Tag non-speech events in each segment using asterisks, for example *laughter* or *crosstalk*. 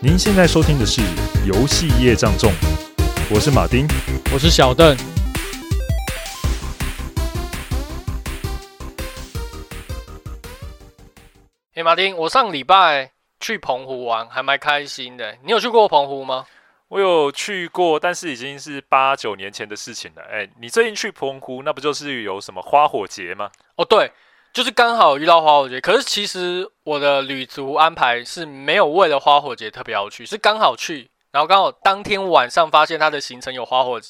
您現在收聽的是《遊戲業障重》。我是馬丁，我是小鄧。哎、欸，馬丁，我上禮拜去澎湖玩，還蠻開心的。你有去過澎湖嗎？我有去過，但是已經是八九年前的事情了。誒，你最近去澎湖，那不就是有什麼花火節嗎？哦，對。就是剛好遇到花火節，可是其實我的旅途安排是沒有為了花火節特別要去，是剛好去，然後剛好當天晚上發現它的行程有花火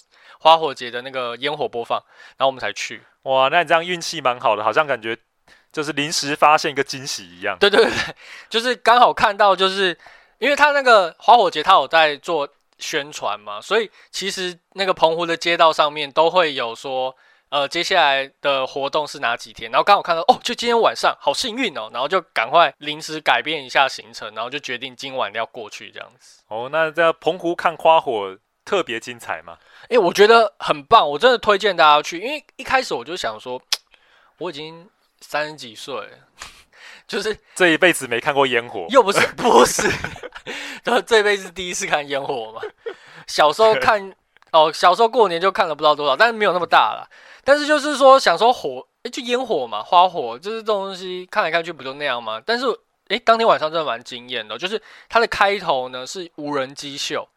花火節的那個煙火播放，然後我們才去。哇，那你這樣運氣蠻好的，好像感覺就是臨時發現一個驚喜一樣。對對對，就是剛好看到，就是因為他那個花火節，他有在做宣傳嘛，所以其實那個澎湖的街道上面都會有說。呃，接下來的活動是哪幾天？然後剛好看到哦，就今天晚上，好幸運哦！然後就趕快臨時改變一下行程，然後就決定今晚要過去這樣子。哦，那在澎湖看花火特別精彩嗎？哎、欸，我覺得很棒，我真的推薦大家去。因為一開始我就想說，我已經三十幾歲了，就是這一輩子沒看過煙火， *laughs* 又不是不是， *laughs* *laughs* 然後這輩子第一次看煙火嘛，小時候看。哦，小時候過年就看了不知道多少，但是沒有那麼大了。但是就是說，想說火，誒、欸，就煙火嘛，花火，就是這種東西看來看去不就那樣嗎？但是，誒、欸，當天晚上真的蠻驚豔的，就是它的開頭呢是無人機秀，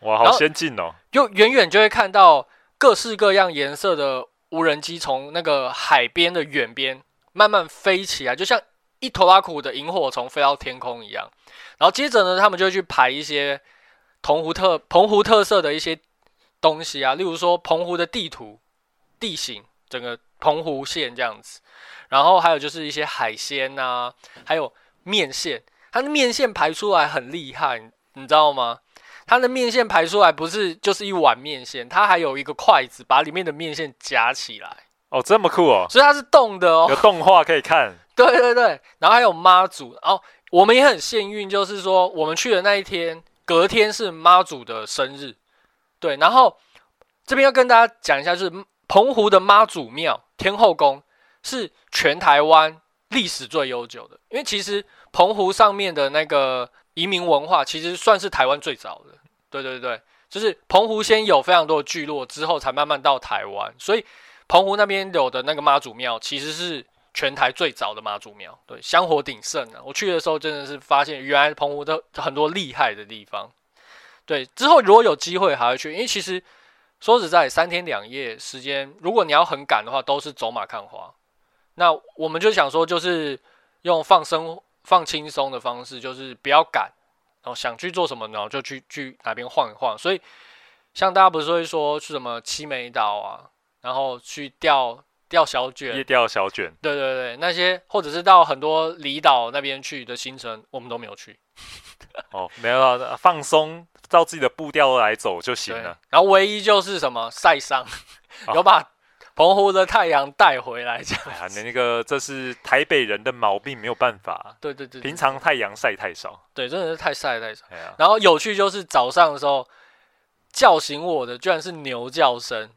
哇，好先進哦！就遠遠就會看到各式各樣顏色的無人機從那個海邊的遠邊慢慢飛起來，就像一拖拉庫的螢火蟲飛到天空一樣。然後接着呢，他們就會去排一些澎湖特澎湖特色的一些。東西啊，例如說澎湖的地圖、地形，整個澎湖縣這樣子，然後還有就是一些海鮮吶、啊，還有麵線，它的麵線排出來很厲害你，你知道嗎？它的麵線排出來不是就是一碗麵線，它還有一個筷子把裡面的麵線夾起來。哦，這麼酷哦！所以它是動的哦，有動畫可以看。 *laughs* 對對對，然後還有媽祖哦，我們也很幸運，就是說我們去的那一天，隔天是媽祖的生日。對，然後這邊要跟大家講一下、就是，是澎湖的媽祖廟天後宮是全台灣歷史最悠久的。因為其實澎湖上面的那個移民文化，其實算是台灣最早的。對對對，就是澎湖先有非常多的聚落，之後才慢慢到台灣，所以澎湖那邊有的那個媽祖廟，其實是全台最早的媽祖廟。對，香火鼎盛的、啊，我去的時候真的是發現，原來澎湖的很多厲害的地方。對，之後如果有機會還會去，因為其實說實在，三天兩夜時間，如果你要很趕的話，都是走馬看花。那我們就想說，就是用放生、放輕鬆的方式，就是不要趕，然後想去做什麼，然後就去去哪邊晃一晃。所以，像大家不是會說去什麼七美島啊，然後去釣釣小卷，夜釣小卷，對對對，那些或者是到很多離島那邊去的行程，我們都沒有去。 *laughs* 哦，沒有的、啊，放鬆。照自己的步調來走就行了。然後唯一就是什麼曬傷， *laughs* 有把澎湖的太陽帶回來這樣。哎呀，你那個這是台北人的毛病，沒有辦法、啊。對，對對對，平常太陽曬太少。對，真的是太曬太少。呀然後有趣就是早上的時候叫醒我的居然是牛叫聲。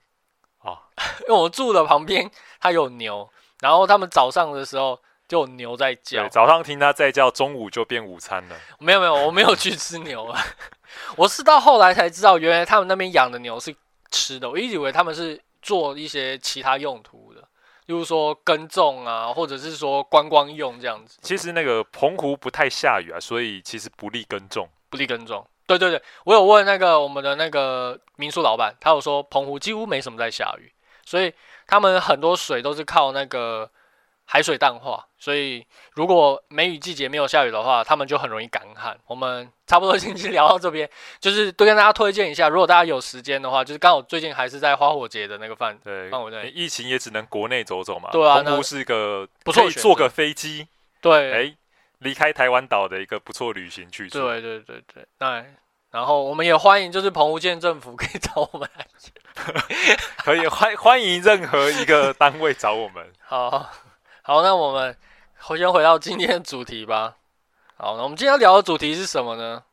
哦， *laughs* 因為我住的旁邊它有牛，然後他們早上的時候就有牛在叫。早上聽它在叫，中午就變午餐了。沒有沒有，我沒有去吃牛啊。 *laughs* 我是到後來才知道，原來他們那邊養的牛是吃的。我一直以為他們是做一些其他用途的，例如說耕種啊，或者是說觀光用這樣子。其實那個澎湖不太下雨啊，所以其實不利耕種。不利耕種。對對對，我有問那個我們的那個民宿老闆，他有說澎湖幾乎沒什麼在下雨，所以他們很多水都是靠那個。海水淡化，所以如果梅雨季節沒有下雨的話，他們就很容易乾旱。我們差不多先去聊到這邊， *laughs* 就是都跟大家推薦一下。如果大家有時間的話，就是剛好最近還是在花火節的那個飯對，花火節疫情也只能國內走走嘛。對啊，澎湖是一個不錯，坐個飛機對，哎、欸，離開台灣島的一個不錯旅行去對對對對，哎，然後我們也歡迎，就是澎湖縣政府可以找我們， *laughs* 可以歡歡迎任何一個單位找我們。 *laughs* 好，好。好，那我們先回到今天的主題吧。好，那我們今天要聊的主題是什麼呢？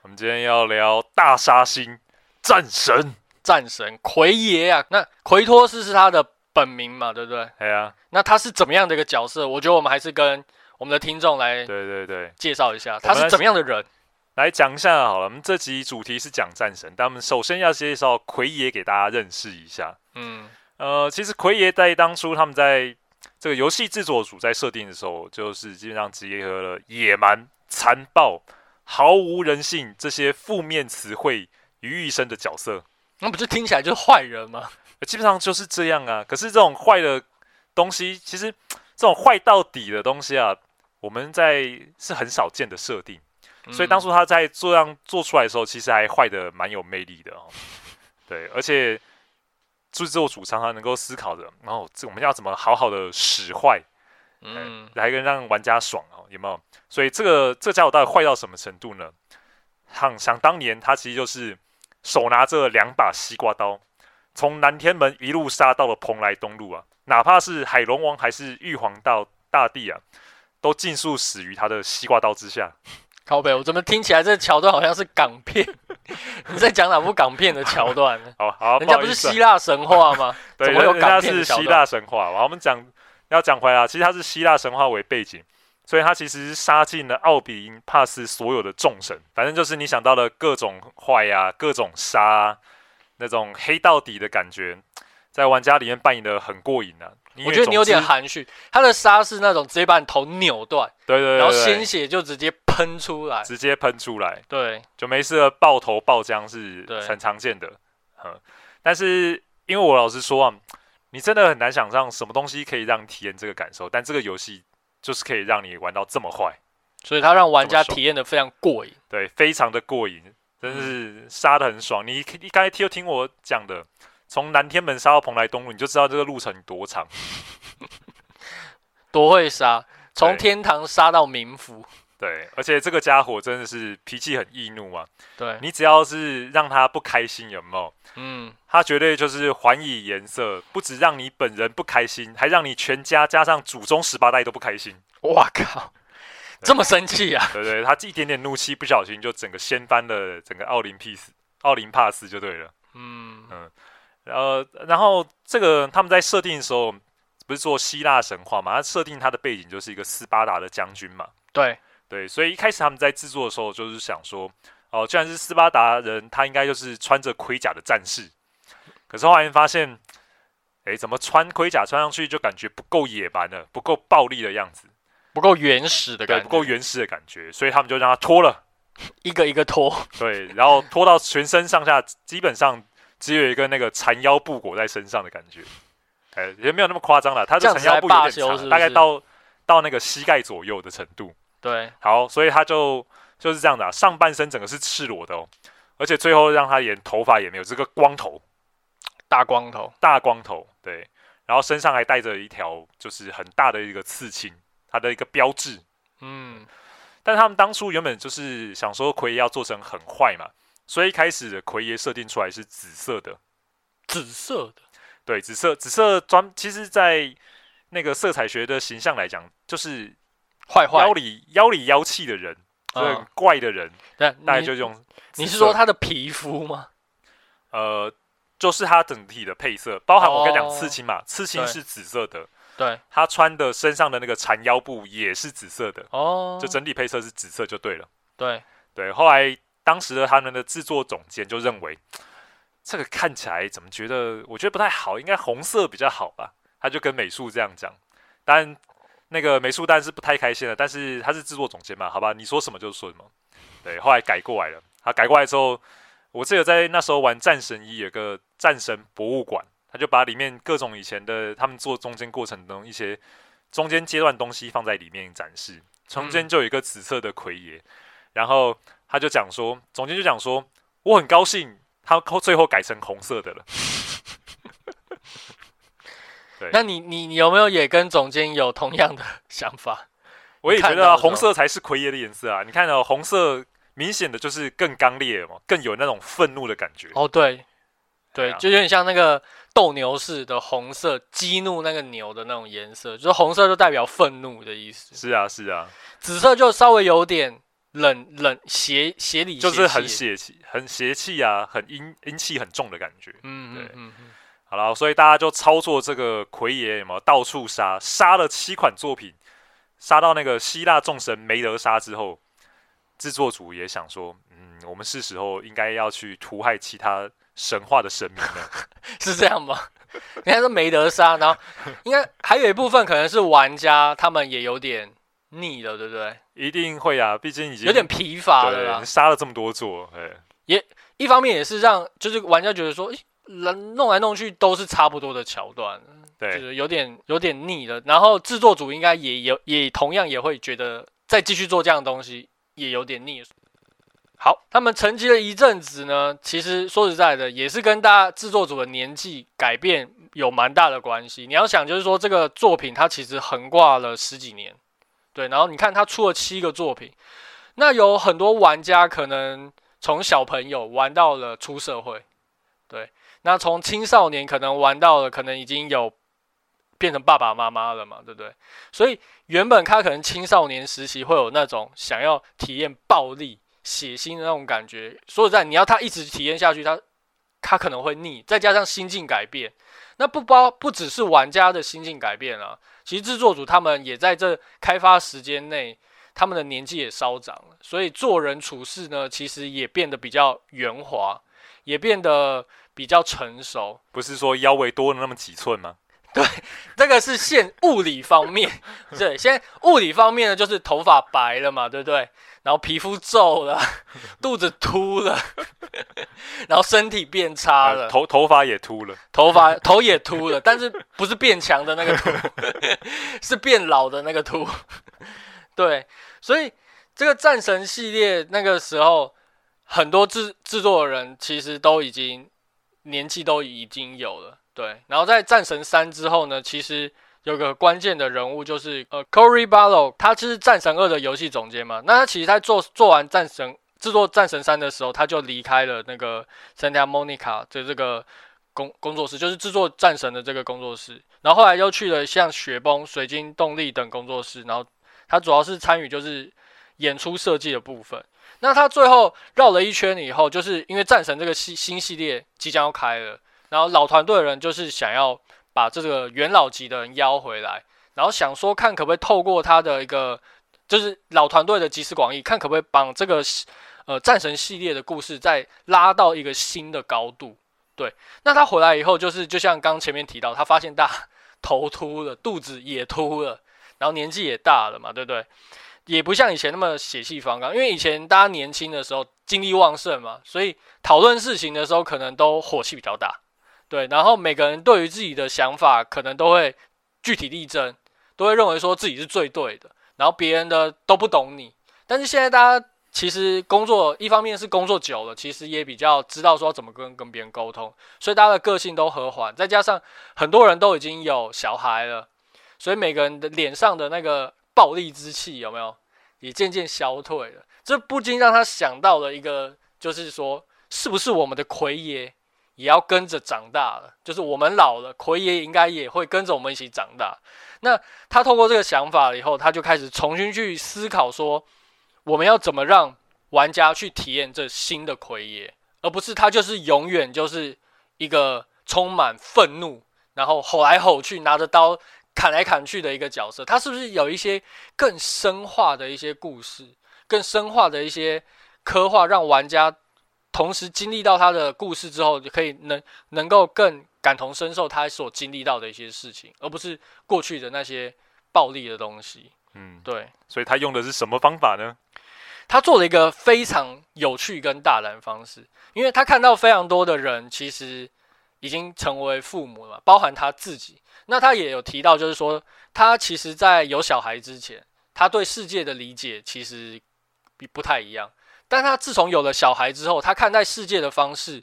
我們今天要聊大殺星戰神，戰神奎爺啊，那奎托斯是，是他的本名嘛，對不對？哎呀、啊，那他是怎麼樣的一個角色？我覺得我們還是跟我們的聽眾來，對對對，介紹一下他是怎麼樣的人。來講一下好了，我們這集主題是講戰神，但我們首先要介紹奎爺給大家認識一下。嗯，呃，其實奎爺在當初他們在。這個遊戲制作組在設定的時候，就是基本上結合了野蠻、殘暴、毫無人性這些負面詞彙於一身的角色，那不就聽起來就是壞人嗎？基本上就是這樣啊。可是這種壞的東西，其實這種壞到底的東西啊，我們在是很少見的設定，所以當初他在這樣做出來的時候，其實還壞得蠻有魅力的哦。對，而且。自作主張啊，能夠思考的，然、哦、後這我們要怎麼好好的使壞，嗯、呃，來跟個讓玩家爽、哦、有沒有？所以這個這家伙到底壞到什麼程度呢？想、嗯、想當年，他其實就是手拿着兩把西瓜刀，從南天門一路殺到了蓬萊東路啊，哪怕是海龍王還是玉皇道大帝啊，都盡數死於他的西瓜刀之下。靠北，我怎麼聽起來這橋段好像是港片？ *laughs* 你在講哪部港片的橋段？哦， *laughs* 好，好人家不是希臘神話嗎？ *laughs* 對，有港片人家是希臘神話。我們講要講回來，其實它是希臘神話為背景，所以它其實殺盡了奧林帕斯所有的眾神。反正就是你想到了各種壞呀、啊，各種殺，那種黑到底的感覺，在玩家裡面扮演得很過癮啊。我覺得你有點含蓄，他的殺是那種直接把你頭扭斷，對對，對，然後鮮血就直接噴出來，直接噴出來，對，就沒事了，爆頭爆漿，是很常見的。對 嗯，嗯、但是因為我老實說啊，你真的很難想象什麼東西可以讓你體驗這個感受，但這個遊戲就是可以讓你玩到這麼壞，所以他讓玩家體驗的非常過癮，對，非常的過癮，嗯、真是殺得很爽。你剛才聽聽我講的。從南天門殺到蓬萊東路，你就知道這個路程多長， *laughs* 多會殺！從天堂殺到冥府，對，而且這個家伙真的是脾氣很易怒啊。對，你只要是讓他不開心，有沒有？嗯，他絕對就是還以顏色，不止讓你本人不開心，還讓你全家加上祖宗十八代都不開心。哇靠，對這麼生氣啊？對，對對，他一點點怒氣不小心就整個掀翻了整個奧林匹斯奧林帕斯，就對了。嗯嗯。嗯呃，然後這個他們在設定的時候，不是做希臘神話嘛？他設定他的背景就是一個斯巴達的將軍嘛對。對對，所以一開始他們在制作的時候就是想說，哦、呃，居然是斯巴達人，他應該就是穿着盔甲的戰士。可是後來發現，哎，怎麼穿盔甲穿上去就感覺不夠野蠻了，不夠暴力的樣子，不夠原始的感覺，不夠原始的感覺。所以他們就讓他脫了， *laughs* 一個一個脫。對，然後脫到全身上下基本上。只有一個那個纏腰布裹在身上的感覺，哎、欸，也沒有那麼誇張了。他的纏腰布有點長，是是大概到到那個膝蓋左右的程度。對，好，所以他就就是這樣的、啊，上半身整個是赤裸的哦，而且最後讓他連頭髮也沒有，這個光頭，大光頭，大光頭，對，然後身上還帶着一條就是很大的一個刺青，他的一個標誌。嗯，但他們當初原本就是想說奎爺要做成很壞嘛。所以一開始的奎爺設定出來是紫色的，紫色的，對，紫色紫色專其實，在那個色彩學的形象來講，就是壞壞妖裡妖裡妖氣的人，哦、所以怪的人，那大概就用你，你是說他的皮膚嗎？呃，就是他整體的配色，包含我跟你講刺青嘛，哦、刺青是紫色的，對，他穿的身上的那個纏腰布也是紫色的，哦，就整體配色是紫色就對了，對對，後來。當時的他們的制作總監就認為，這個看起來怎麼覺得？我覺得不太好，應該紅色比較好吧。他就跟美術這樣講，但那個美術當然是不太開心了。但是他是制作總監嘛，好吧，你說什麼就是說什麼。對，後來改過來了。他改過來之後，我記得在那時候玩《戰神一》，有個戰神博物館，他就把裡面各種以前的他們做中間過程中一些中間階段東西放在裡面展示。中間就有一個紫色的奎爺。嗯然後他就講說，總監就講說，我很高興，他後最後改成紅色的了。 *laughs* *laughs* 對，那你你你有沒有也跟總監有同樣的想法？我也覺得、啊、紅色才是奎爺的顏色啊！你看到、哦、紅色，明顯的就是更剛烈嘛，更有那種憤怒的感覺。哦，對，對，對啊、就有點像那個鬥牛士的紅色，激怒那個牛的那種顏色，就是紅色就代表憤怒的意思。是啊，是啊，紫色就稍微有點。冷冷邪邪理，就是很邪氣、很邪氣啊，很陰陰氣很重的感覺。嗯哼對，嗯哼好了，所以大家就操作這個奎爺，有沒有到處殺，殺了七款作品，殺到那個希臘眾神沒得殺之後，製作組也想說，嗯，我們是時候應該要去屠害其他神話的神明了， *laughs* 是這樣嗎？ *laughs* 你看說沒得殺，然後應該還有一部分可能是玩家 *laughs* 他們也有點。膩了，對不對？一定會啊，畢竟已經有點疲乏了。殺了這麼多作，對也一方面也是讓就是玩家覺得說，哎，弄來弄去都是差不多的橋段，對，就是有點有點膩了。然後制作組應該也有，也同樣也會覺得再繼續做這樣的東西也有點膩。好，他們沉寂了一陣子呢，其實說實在的，也是跟大家制作組的年紀改變有蠻大的關係。你要想，就是說這個作品它其實橫掛了十幾年。對，然後你看他出了七個作品，那有很多玩家可能從小朋友玩到了出社會，對，那從青少年可能玩到了，可能已經有變成爸爸媽媽了嘛，對不對？所以原本他可能青少年時期會有那種想要體驗暴力、血腥的那種感覺，所以在你要他一直體驗下去，他他可能會膩，再加上心境改變，那不包不只是玩家的心境改變了啊。其實製作組他們也在這開發時間內，他們的年紀也稍長了，所以做人處事呢，其實也變得比較圓滑，也變得比較成熟。不是說腰圍多了那麼幾寸嗎？對，這個是現物理方面。對，現在物理方面呢，就是頭髮白了嘛，對不對？然後皮膚皺了，肚子禿了，然後身體變差了，啊、頭頭髮也禿了，頭髮頭也禿了，但是不是變強的那個禿， *laughs* 是變老的那個禿。對，所以這個戰神系列那個時候，很多制製作的人其實都已經年紀都已經有了。對，然後在戰神三之後呢，其實有個關鍵的人物就是呃，Corey Barlow，他就是戰神二的遊戲總監嘛。那他其實，在做做完戰神制作戰神三的時候，他就離開了那個 Santa Monica 的這個工工作室，就是制作戰神的這個工作室。然後後來又去了像雪崩、水晶動力等工作室。然後他主要是參與就是演出設計的部分。那他最後繞了一圈以後，就是因為戰神這個系新系列即將要開了。然後老團隊的人就是想要把這個元老級的人邀回來，然後想說看可不可以透過他的一個，就是老團隊的集思廣益，看可不可以幫這個呃戰神系列的故事再拉到一個新的高度。對，那他回來以後，就是就像剛前面提到，他發現大頭禿了，肚子也禿了，然後年紀也大了嘛，對不對？也不像以前那麼血氣方剛，因為以前大家年輕的時候精力旺盛嘛，所以討論事情的時候可能都火氣比較大。對，然後每個人對於自己的想法，可能都會據理力爭，都會認為說自己是最對的，然後別人的都不懂你。但是現在大家其實工作，一方面是工作久了，其實也比較知道說怎麼跟跟別人溝通，所以大家的個性都和緩，再加上很多人都已經有小孩了，所以每個人的臉上的那個暴力之氣有沒有，也漸漸消退了。這不禁讓他想到了一個，就是說，是不是我們的奎爺？也要跟着長大了，就是我們老了，奎爺應該也會跟着我們一起長大。那他透過這個想法以後，他就開始重新去思考說，我們要怎麼讓玩家去體驗這新的奎爺，而不是他就是永遠就是一個充滿憤怒，然後吼來吼去，拿着刀砍來砍去的一個角色。他是不是有一些更深化的一些故事，更深化的一些刻畫，讓玩家同時經歷到他的故事之後，就可以能能夠更感同身受他所經歷到的一些事情，而不是過去的那些暴力的東西。嗯，對。所以他用的是什麼方法呢？他做了一個非常有趣跟大膽的方式，因為他看到非常多的人其實已經成為父母了，包含他自己。那他也有提到，就是說他其實在有小孩之前，他對世界的理解其實比不太一樣。但他自從有了小孩之後，他看待世界的方式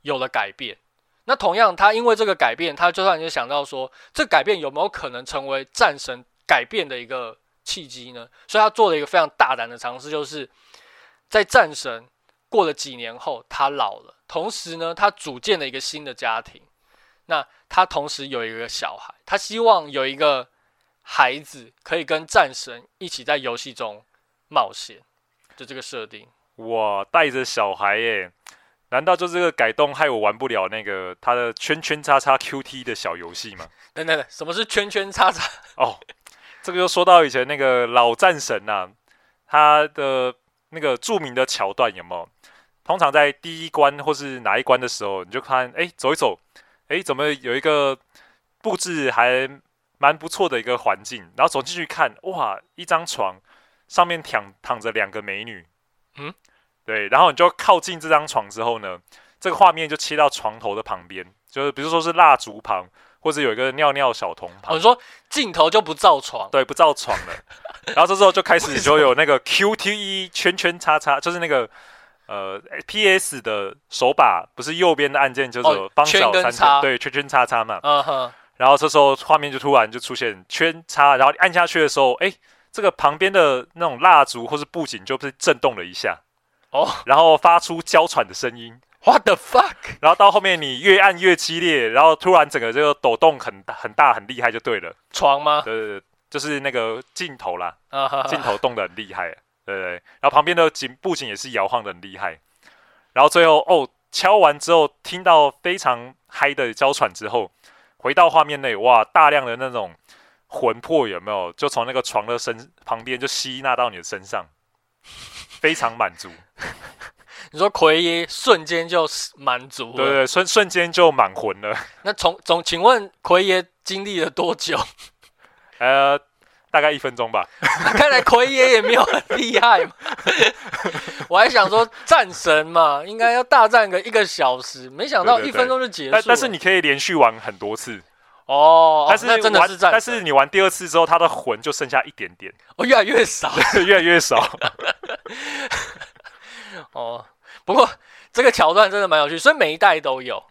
有了改變。那同樣，他因為這個改變，他就算就想到說，這改變有沒有可能成為戰神改變的一個契機呢？所以，他做了一個非常大膽的嘗試，就是在戰神過了幾年後，他老了，同時呢，他組建了一個新的家庭。那他同時有一個小孩，他希望有一個孩子可以跟戰神一起在遊戲中冒險，就這個設定。哇，帶着小孩耶？難道就是這個改動害我玩不了那個他的圈圈叉叉 QT 的小遊戲嗎？等等，什麼是圈圈叉叉？哦，這個就說到以前那個老戰神啊，他的那個著名的橋段有沒有？通常在第一關或是哪一關的時候，你就看，哎、欸，走一走，哎、欸，怎麼有一個布置還蠻不錯的一個環境？然後走進去看，哇，一張床上面躺躺着兩個美女，嗯。對，然後你就靠近這張床之後呢，這個畫面就切到床頭的旁邊，就是比如說是蠟燭旁，或者有一個尿尿小童旁、哦。你說鏡頭就不照床？對，不照床了。 *laughs* 然後這時候就開始就有那個 Q T E 圈圈叉叉，就是那個呃 P S、PS、的手把，不是右邊的按鍵，就是幫角三、哦、叉，叉，對，圈圈叉叉，叉嘛。嗯哼。然後這時候畫面就突然就出現圈叉，然後你按下去的時候，哎，這個旁邊的那種蠟燭或是布景就被震動了一下。哦，oh? 然後發出嬌喘的聲音，What the fuck？然後到後面你越按越激烈，然後突然整個這個抖動很很大很厲害，就對了。床嗎？對對對，就是那個鏡頭啦，鏡、uh huh huh. 頭動的很厲害，對,對對。然後旁邊的景布景也是搖晃的很厲害。然後最後哦，敲完之後聽到非常嗨的嬌喘之後，回到畫面內，哇，大量的那種魂魄有沒有？就從那個床的身旁邊就吸納到你的身上。 *laughs* 非常滿足， *laughs* 你說奎爺瞬間就滿足，對，對對，瞬瞬間就滿魂了 *laughs* 那，那從總，請問奎爺經歷了多久？ *laughs* 呃，大概一分鐘吧 *laughs* ，啊。看來奎爺也沒有很厲害， *laughs* 我還想說戰神嘛，應該要大戰個一個小時，沒想到一分鐘就結束，對對對，但，但是你可以連續玩很多次。哦，但是、哦、那真的是在，但是你玩第二次之後，他的魂就剩下一點點，哦，越來越少，越來越少。哦，不過這個橋段真的蠻有趣，所以每一代都有。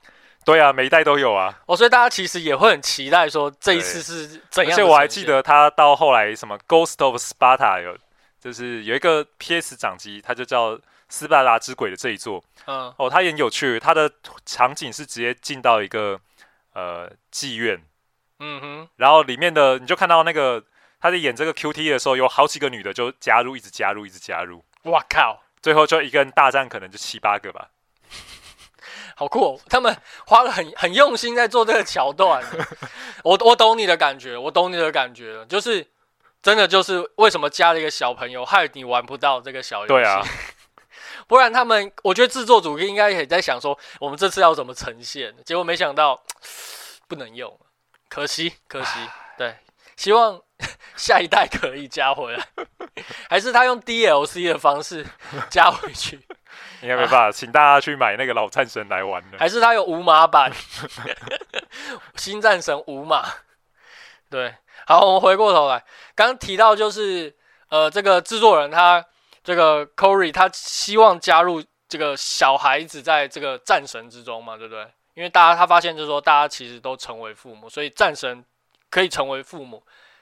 對啊，每一代都有啊。哦，所以大家其實也會很期待說這一次是怎樣的。而且我還記得他到後來什麼 Ghost of Sparta，有就是有一個 PS 掌機，他就叫斯巴達之鬼的這一座。嗯，哦，他也很有趣，他的場景是直接進到一個。呃，妓院，嗯哼，然後裡面的你就看到那個他在演這個 QT 的時候，有好幾個女的就加入，一直加入，一直加入。哇靠！最後就一個人大戰，可能就七八個吧。 *laughs* 好酷哦！他們花了很很用心在做這個橋段。 *laughs* 我我懂你的感覺，我懂你的感覺，就是真的就是為什麼加了一個小朋友，害你玩不到這個小遊戲。對啊。不然他們，我覺得制作組應該也在想說，我們這次要怎麼呈現？結果沒想到不能用了，可惜，可惜。唉 對，希望下一代可以加回來， *laughs* 還是他用 DLC 的方式加回去？應該沒辦法，啊、請大家去買那個老戰神來玩的。還是他有無碼版？ *laughs* 新戰神無碼？對，好，我們回過頭來，剛提到就是呃，這個制作人他。這個 Cory 他希望加入這個小孩子在這個戰神之中嘛，對不對？因為大家他發現就是說，大家其實都成為父母，所以戰神可以成為父母，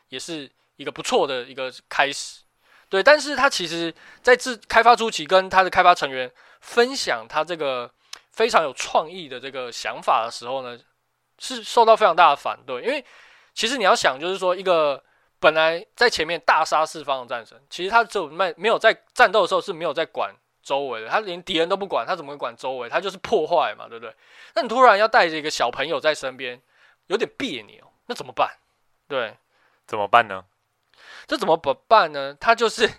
也是一個不錯的一個開始，對。但是他其實在自開發初期跟他的開發成員分享他這個非常有創意的這個想法的時候呢，是受到非常大的反對，因為其實你要想就是說一個。本來在前面大殺四方的戰神，其實他只賣沒有在戰鬥的時候是沒有在管周圍的，他連敵人都不管，他怎麼會管周圍？他就是破壞嘛，對不對？那你突然要帶着一個小朋友在身邊，有點別扭，那怎麼辦？對，怎麼辦呢？這怎麼辦呢？他就是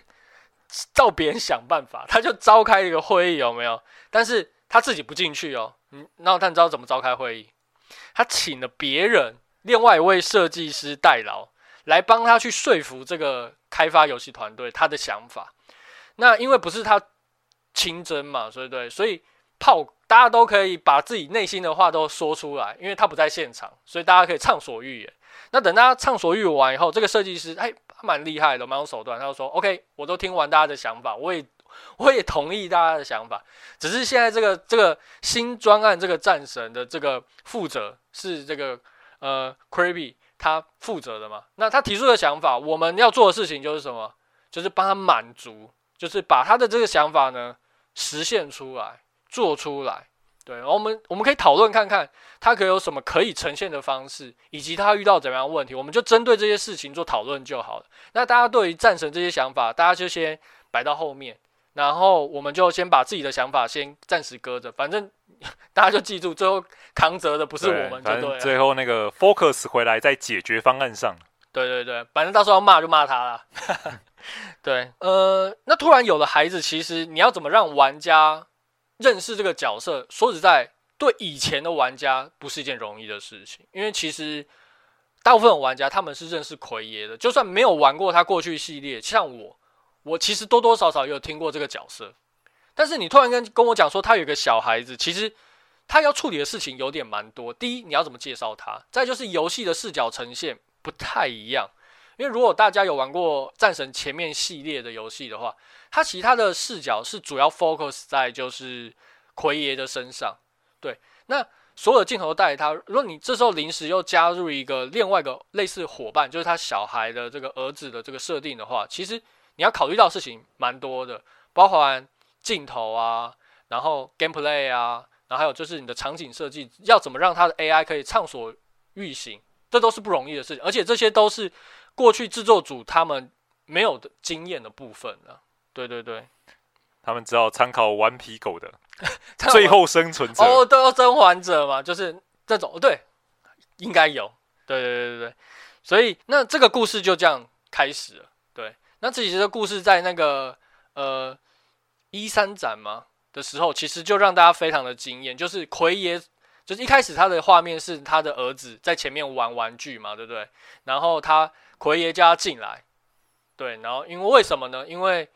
照別人想辦法，他就召開一個會議，有沒有？但是他自己不進去哦，嗯，然後他知道怎麼召開會議，他請了別人，另外一位設計師代勞。來幫他去說服這個開發遊戲團隊他的想法，那因為不是他親征嘛，所以對，所以炮大家都可以把自己內心的話都說出來，因為他不在現場，所以大家可以暢所欲言。那等大家暢所欲言完以後，這個設計師哎，他蠻厲害的，蠻有手段。他就說：“OK，我都聽完大家的想法，我也我也同意大家的想法，只是現在這個這個新專案這個戰神的這個負責是這個呃，Crabby。”他負責的嘛，那他提出的想法，我們要做的事情就是什麼？就是幫他滿足，就是把他的這個想法呢實現出來，做出來。對，然後我們我們可以討論看看，他可以有什麼可以呈現的方式，以及他遇到怎麼樣的問題，我們就針對這些事情做討論就好了。那大家對於戰神這些想法，大家就先擺到後面。然後我們就先把自己的想法先暫時擱着，反正大家就記住，最後扛責的不是我們對。對。最後那個 focus 回來在解決方案上。對對對，反正到時候要罵就罵他了。 *laughs* 對，呃，那突然有了孩子，其實你要怎麼讓玩家認識這個角色？說實在，對以前的玩家不是一件容易的事情，因為其實大部分玩家他們是認識奎爺的，就算沒有玩過他過去系列，像我。我其實多多少少有聽過這個角色，但是你突然跟跟我講說他有一個小孩子，其實他要處理的事情有點蠻多。第一，你要怎麼介紹他，再就是遊戲的視角呈現不太一樣，因為如果大家有玩過《戰神》前面系列的遊戲的話，他其他的視角是主要 focus 在就是奎爺的身上。對，那所有的鏡頭帶他，如果你這時候臨時又加入一個另外一個類似夥伴，就是他小孩的這個兒子的這個設定的話，其實。你要考慮到事情蠻多的，包含鏡頭啊，然後 gameplay 啊，然後還有就是你的場景設計要怎麼讓他的 AI 可以暢所欲行，這都是不容易的事情。而且這些都是過去製作組他們沒有的經驗的部分了、啊。對對對，他們只好參考玩《頑皮狗的最後生存者》哦，都要、哦《生還者》嘛，就是這種對，應該有。對對對對對，所以那這個故事就這樣開始了。那這其的故事在那個呃一三展嘛的時候，其實就讓大家非常的驚艷。就是奎爺，就是一開始他的畫面是他的兒子在前面玩玩具嘛，對不對？然後他奎爺叫他進來，對，然後因為為什麼呢？因為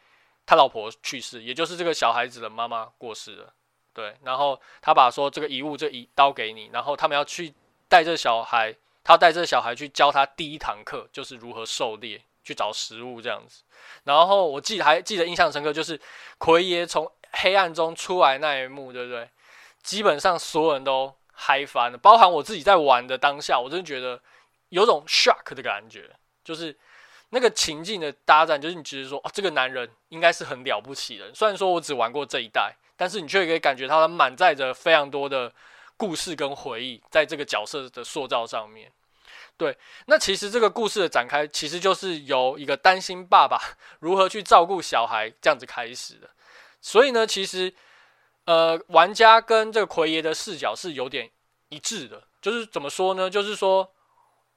他老婆去世，也就是這個小孩子的媽媽過世了，對。然後他把說這個遺物這一刀給你，然後他們要去帶這小孩，他帶這小孩去教他第一堂課，就是如何狩獵。去找食物這樣子，然後我記還記得印象深刻就是奎爺從黑暗中出來那一幕，對不對？基本上所有人都嗨翻了，包含我自己在玩的當下，我真的覺得有種 shock 的感覺，就是那個情境的搭展，就是你覺得說，哦，這個男人應該是很了不起的。雖然說我只玩過這一代，但是你卻可以感覺到他滿載着非常多的故事跟回憶，在這個角色的塑造上面。對，那其實這個故事的展開，其實就是由一個擔心爸爸如何去照顧小孩這樣子開始的。所以呢，其實呃，玩家跟這個奎爺的視角是有點一致的。就是怎麼說呢？就是說，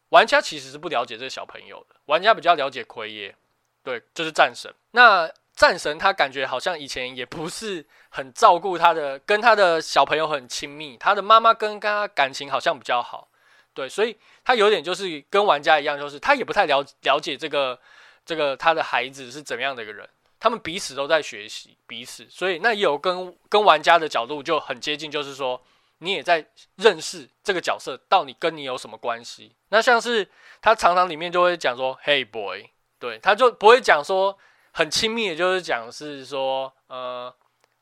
玩家其實是不了解這個小朋友的，玩家比較了解奎爺。對，就是戰神。那戰神他感覺好像以前也不是很照顧他的，跟他的小朋友很親密，他的媽媽跟跟他感情好像比較好。對，所以他有點就是跟玩家一樣，就是他也不太了了解這個這個他的孩子是怎麼樣的一個人。他們彼此都在學習彼此，所以那也有跟跟玩家的角度就很接近，就是說你也在認識這個角色到底跟你有什麼關係。那像是他常常裡面就會講說 “Hey boy”，對，他就不會講說很親密的，就是講是說“呃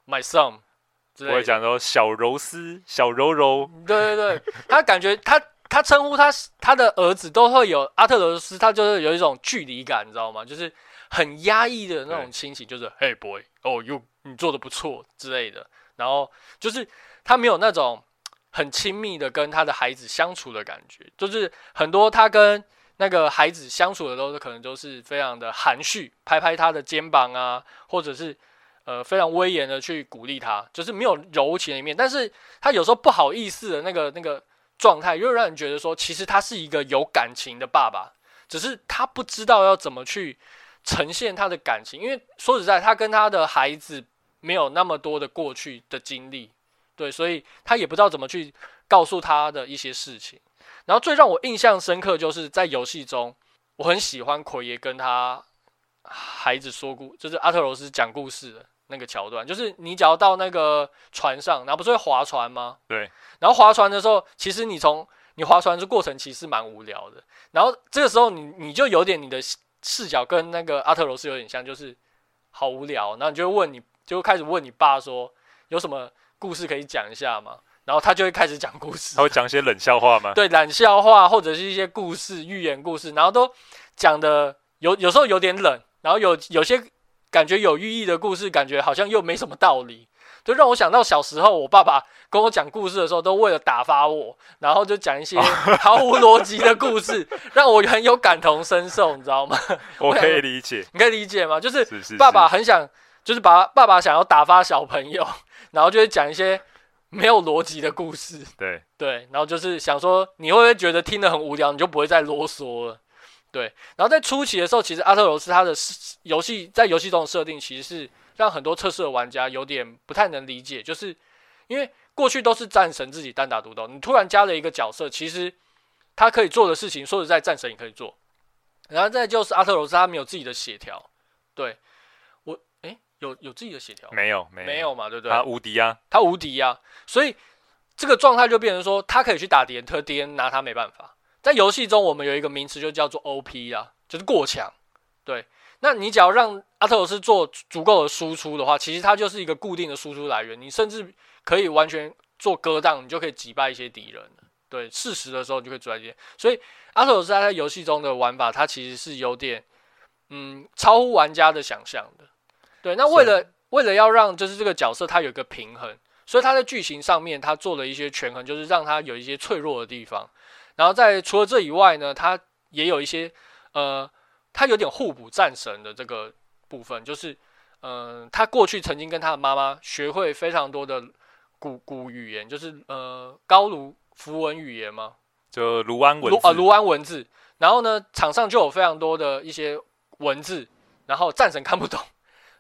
，my son”。不會講說小柔絲，小柔柔。對對對，他感覺他。他稱呼他他的兒子都會有阿特羅斯，他就是有一種距離感，你知道嗎？就是很壓抑的那種情形，對就是“嘿、hey、，boy，哦、oh、，you，你做的不錯”之類的。然後就是他沒有那種很親密的跟他的孩子相處的感覺，就是很多他跟那個孩子相處的時候，可能都是非常的含蓄，拍拍他的肩膀啊，或者是呃非常威嚴的去鼓勵他，就是沒有柔情的一面。但是他有時候不好意思的那個那個。狀態又讓人覺得說，其實他是一個有感情的爸爸，只是他不知道要怎麼去呈現他的感情，因為說實在，他跟他的孩子沒有那麼多的過去的經歷，對，所以他也不知道怎麼去告訴他的一些事情。然後最讓我印象深刻，就是在遊戲中，我很喜歡奎爺跟他孩子說故，就是阿特羅斯講故事的。那個橋段就是你只要到那個船上，然後不是會划船嗎？對。然後划船的時候，其實你從你划船的過程其實蠻無聊的。然後這個時候你，你你就有點你的視角跟那個阿特羅斯有點像，就是好無聊。然後你就會問你，你就開始問你爸說有什麼故事可以講一下嗎？然後他就會開始講故事。他會講一些冷笑話嗎？對，冷笑話或者是一些故事、寓言故事，然後都講的有有時候有點冷，然後有有些。感覺有寓意的故事，感覺好像又沒什麼道理，就讓我想到小時候我爸爸跟我講故事的時候，都為了打發我，然後就講一些毫無邏輯的故事， *laughs* 讓我很有感同身受，你知道嗎？我可以理解，你可以理解嗎？就是爸爸很想，就是把爸爸想要打發小朋友，然後就講一些沒有邏輯的故事，對對，然後就是想說，你會不會覺得聽得很無聊，你就不會再囉嗦了？對，然後在初期的時候，其實阿特柔斯他的遊戲在遊戲中的設定，其實是讓很多測試的玩家有點不太能理解，就是因為過去都是戰神自己單打獨鬥，你突然加了一個角色，其實他可以做的事情，說實在，戰神也可以做。然後再就是阿特柔斯他沒有自己的血條，對我，誒，有有自己的血條，沒有，沒有，沒有嘛，對不對？他無敵啊，他無敵啊，所以這個狀態就變成說，他可以去打敵人，可是敵人拿他沒辦法。在遊戲中，我們有一個名詞就叫做 “OP” 啊，就是過強。對，那你只要讓阿特魯斯做足夠的輸出的話，其實他就是一個固定的輸出來源。你甚至可以完全做格擋，你就可以擊敗一些敵人。對，適時的時候你就可以做這些。所以阿特魯斯在他在遊戲中的玩法，他其實是有點嗯超乎玩家的想象的。對，那為了是為了要讓就是這個角色他有一個平衡，所以他在劇情上面他做了一些權衡，就是讓他有一些脆弱的地方。然後在除了這以外呢，他也有一些，呃，他有點互補戰神的這個部分，就是，呃，他過去曾經跟他的媽媽學會非常多的古古語言，就是呃高盧符文語言嘛，就盧安文，啊盧安文字。然後呢，場上就有非常多的一些文字，然後戰神看不懂，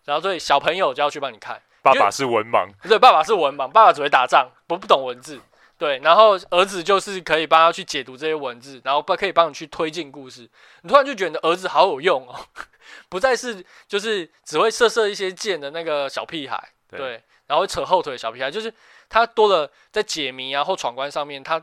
然後所以小朋友就要去幫你看。爸爸是文盲，對，爸爸是文盲，爸爸只會打仗，不不懂文字。對，然後兒子就是可以幫他去解讀這些文字，然後不可以幫你去推進故事。你突然就覺得兒子好有用哦，不再是就是只會射射一些箭的那個小屁孩。對，然後會扯後腿的小屁孩，就是他多了在解謎啊或闖關上面，他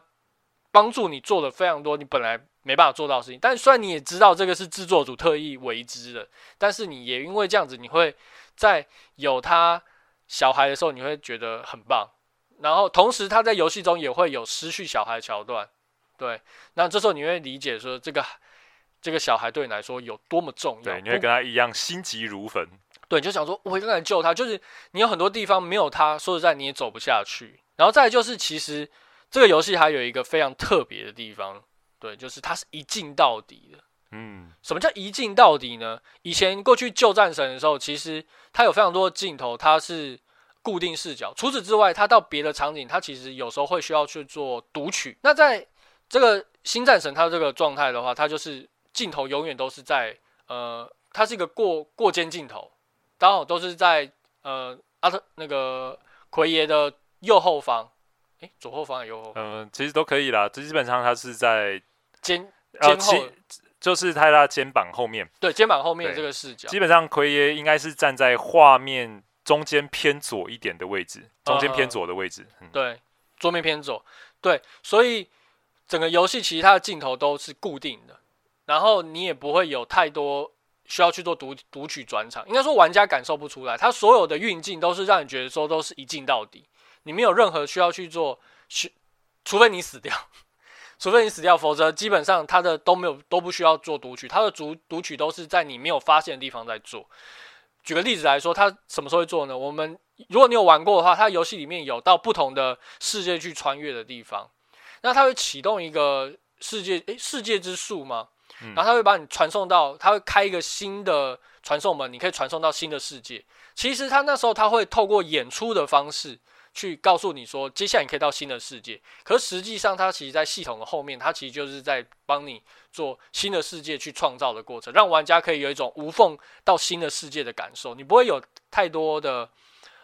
幫助你做了非常多你本來沒辦法做到的事情。但雖然你也知道這個是制作組特意為之的，但是你也因為這樣子，你會在有他小孩的時候，你會覺得很棒。然後同時，他在遊戲中也會有失去小孩橋段，對。那這時候你會理解說，這個這個小孩對你來說有多麼重要，對，不你會跟他一樣心急如焚，對，你就想說我一定要救他。就是你有很多地方沒有他，說實在你也走不下去。然後再來就是，其實這個遊戲還有一個非常特別的地方，對，就是它是一鏡到底的。嗯，什麼叫一鏡到底呢？以前過去救戰神的時候，其實它有非常多的鏡頭，它是。固定視角。除此之外，他到別的場景，他其實有時候會需要去做讀取。那在這個新戰神，他這個狀態的話，他就是鏡頭永遠都是在呃，他是一個過過肩鏡頭，剛好都是在呃阿特那個奎爺的右後方，欸、左後方還右後方。嗯，其實都可以啦，基本上他是在肩肩後、啊，就是他在他肩膀後面。對，肩膀後面這個視角。基本上奎爺應該是站在畫面，中間偏左一點的位置，中間偏左的位置，uh, 嗯、對，桌面偏左，對，所以整個遊戲其實它的鏡頭都是固定的，然後你也不會有太多需要去做讀讀取轉場，應該說玩家感受不出來，它所有的運鏡都是讓你覺得說都是一鏡到底，你沒有任何需要去做，除除非你死掉，除非你死掉，否則基本上它的都沒有都不需要做讀取，它的讀讀取都是在你沒有發現的地方在做。舉個例子來說，他什麼時候會做呢？我們如果你有玩過的話，他遊戲裡面有到不同的世界去穿越的地方，那他會啟動一個世界，誒、欸，世界之樹嗎？然後他會把你傳送到，他會開一個新的傳送門，你可以傳送到新的世界。其實他那時候他會透過演出的方式。去告訴你說，接下來你可以到新的世界。可實際上，它其實，在系統的後面，它其實就是在幫你做新的世界去創造的過程，讓玩家可以有一種無縫到新的世界的感受。你不會有太多的，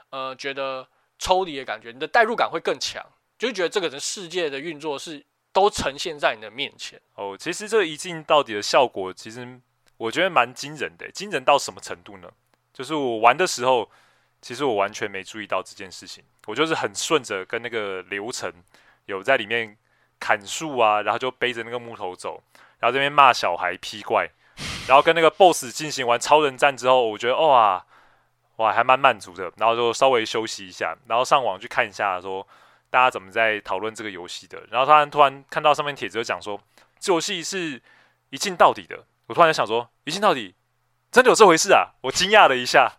呃，覺得抽離的感覺，你的代入感會更強，就覺得這個世界的運作是都呈現在你的面前。哦，其實這一鏡到底的效果，其實我覺得蠻驚人的。驚人到什麼程度呢？就是我玩的時候。其實我完全沒注意到這件事情，我就是很順着跟那個流程，有在裡面砍樹啊，然後就背着那個木頭走，然後這邊罵小孩劈怪，然後跟那個 BOSS 進行完超人戰之後，我覺得哇哇還蠻滿足的，然後就稍微休息一下，然後上網去看一下說大家怎麼在討論這個遊戲的，然後突然突然看到上面帖子講說這遊戲是一進到底的，我突然就想說一進到底真的有這回事啊，我驚訝了一下。